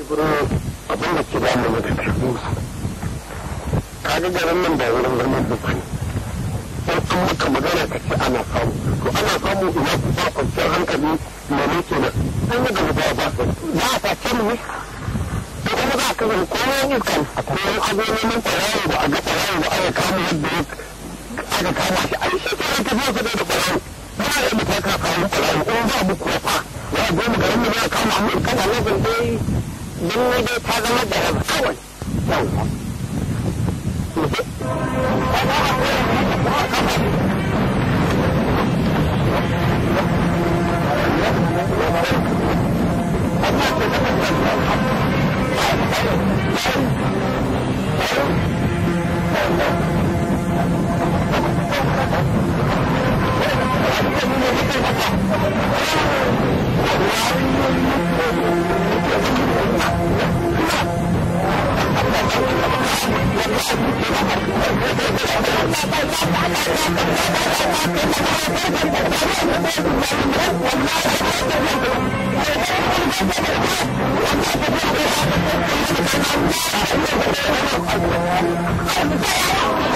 ibrahim abin da ke damu ne da karfinsa garin nan da wurin ne magana ana samu ana hankali mene ke nan an yi gaba a sace da kuma aka kama yadda aka kama shi a yi shi ta zo ka da kwarawa ya lallai dai ta zama da rabu kawai yawwa I'm sorry.